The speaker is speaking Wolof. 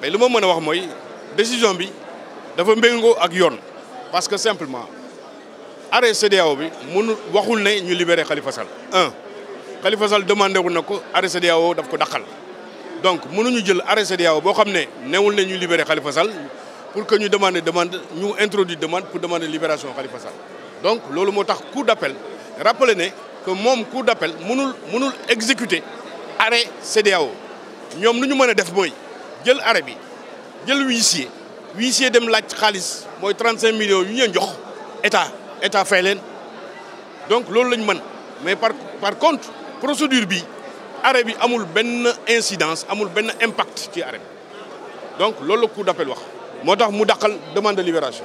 mais li ma mën a wax mooy décision bi dafa méngoo ak yone parce que simplement arrêt cdao bi mënu waxul ne ñu libérer Khalifa Sall un Khalifa Sall demandé wu nako arrêt cdao daf ko dakal donc mënuñu jël arrêt cdao bo xamné néwul newul ne ñu libéré Khalifa Sall pour que ñu demander demande ñu introduire demande pour demander libération Khalifa Sall donc lolu motax tax cour d'appel rappeler né que mom cour d'appel mënul mënul exécuter arrêt cdao ñom lu ñu mën def mooy jël arrêt bi jël huissier huissier dem laaj xaalis moy 35 millions yu ñu jox état état fay donc loolu lañ mën mais par par contre procédure bi arrêt bi amul ben incidence amul ben impact ci arrêt donc loolu coup d'appel wax motax mu dàqal demande de libération